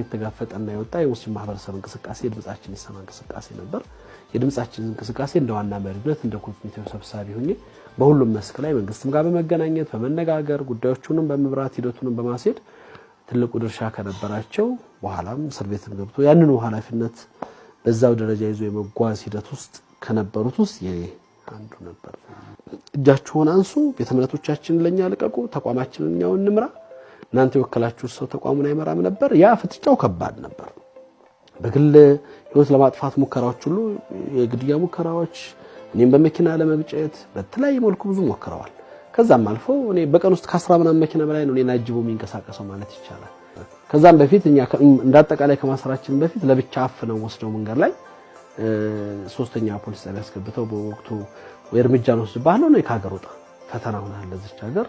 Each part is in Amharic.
የተጋፈጠና የወጣ የሙስሊም ማህበረሰብ እንቅስቃሴ የድምጻችን ይሰማ እንቅስቃሴ ነበር። የድምጻችን እንቅስቃሴ እንደ ዋና መሪነት እንደ ኮሚቴው ሰብሳቢ ሁኜ በሁሉም መስክ ላይ መንግስትም ጋር በመገናኘት በመነጋገር ጉዳዮቹንም በመብራት ሂደቱንም በማስሄድ ትልቁ ድርሻ ከነበራቸው በኋላም እስር ቤትም ገብቶ ያንኑ ኃላፊነት በዛው ደረጃ ይዞ የመጓዝ ሂደት ውስጥ ከነበሩት ውስጥ የኔ አንዱ ነበር። እጃችሁን አንሱ፣ ቤተ እምነቶቻችን ለእኛ ልቀቁ፣ ተቋማችንን እኛው እንምራ እናንተ የወከላችሁት ሰው ተቋሙን አይመራም ነበር። ያ ፍጥጫው ከባድ ነበር። በግል ህይወት ለማጥፋት ሙከራዎች ሁሉ፣ የግድያ ሙከራዎች፣ እኔም በመኪና ለመግጨት በተለያየ መልኩ ብዙ ሞክረዋል። ከዛም አልፎ እኔ በቀን ውስጥ ከአስራ ምናምን መኪና በላይ ነው እኔን አጅቦ የሚንቀሳቀሰው ማለት ይቻላል። ከዛም በፊት እኛ እንዳጠቃላይ ከማሰራችን በፊት ለብቻ አፍነው ወስደው መንገድ ላይ ሶስተኛ ፖሊስ ጣቢያ አስገብተው በወቅቱ እርምጃ እንወስድብሃለሁ ነው ከሀገር ወጣ ፈተና ሆናል ሀገር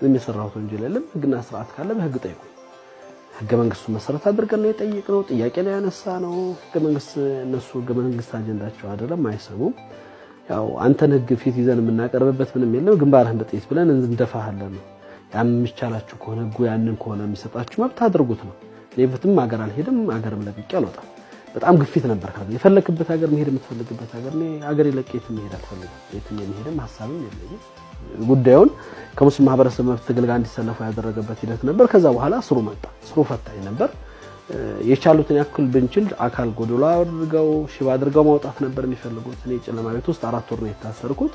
ምንም የሰራሁት ወንጀል የለም። ህግና ስርዓት ካለ በህግ ጠይቁ። ህገ መንግስቱን መሰረት አድርገን ነው የጠየቅነው። ጥያቄ ነው ያነሳ ነው። ህገ መንግስት እነሱ ህገ መንግስት አጀንዳቸው አይደለም፣ አይሰሙም። ያው አንተን ህግ ፊት ይዘን የምናቀርብበት ምንም የለም። ግንባርህን በጥይት ብለን እንደፋሃለን ነው። ያም የሚቻላችሁ ከሆነ ህጉ ያንን ከሆነ የሚሰጣችሁ መብት አድርጉት ነው። እኔ ፍትም አገር አልሄድም፣ አገርም ለቅቄ አልወጣም። በጣም ግፊት ነበር። የፈለክበት ሀገር መሄድ የምትፈልግበት ሀገር ሀገር ለቅ የት መሄድ አልፈልግም። የትም የመሄድም ሀሳብም የለኝም። ጉዳዩን ከሙስሊም ማህበረሰብ መብት ትግል ጋር እንዲሰለፉ ያደረገበት ሂደት ነበር። ከዛ በኋላ ስሩ መጣ። ስሩ ፈታኝ ነበር። የቻሉትን ያክል ብንችል አካል ጎዶሎ አድርገው ሽባ አድርገው ማውጣት ነበር የሚፈልጉት። እኔ ጨለማ ቤት ውስጥ አራት ወር ነው የታሰርኩት።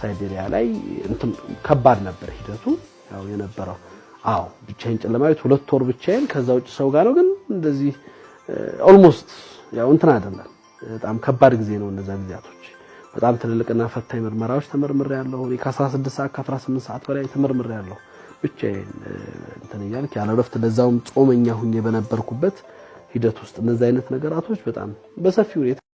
ሳይቤሪያ ላይ ከባድ ነበር ሂደቱ ያው የነበረው። አዎ ብቻዬን ጨለማ ቤት ሁለት ወር ብቻዬን፣ ከዛ ውጭ ሰው ጋር ነው ግን እንደዚህ ኦልሞስት ያው እንትን አይደለም። በጣም ከባድ ጊዜ ነው። እነዛ ጊዜያቶች በጣም ትልልቅና ፈታኝ ምርመራዎች ተመርምሬ ያለሁ ከ16 ሰዓት ከ18 ሰዓት በላይ ተመርምሬ ያለሁ ብቻዬን እንትን እያልክ ያለ እረፍት ለዛውም ጾመኛ ሁኜ በነበርኩበት ሂደት ውስጥ እነዛ አይነት ነገራቶች በጣም በሰፊ ሁኔታ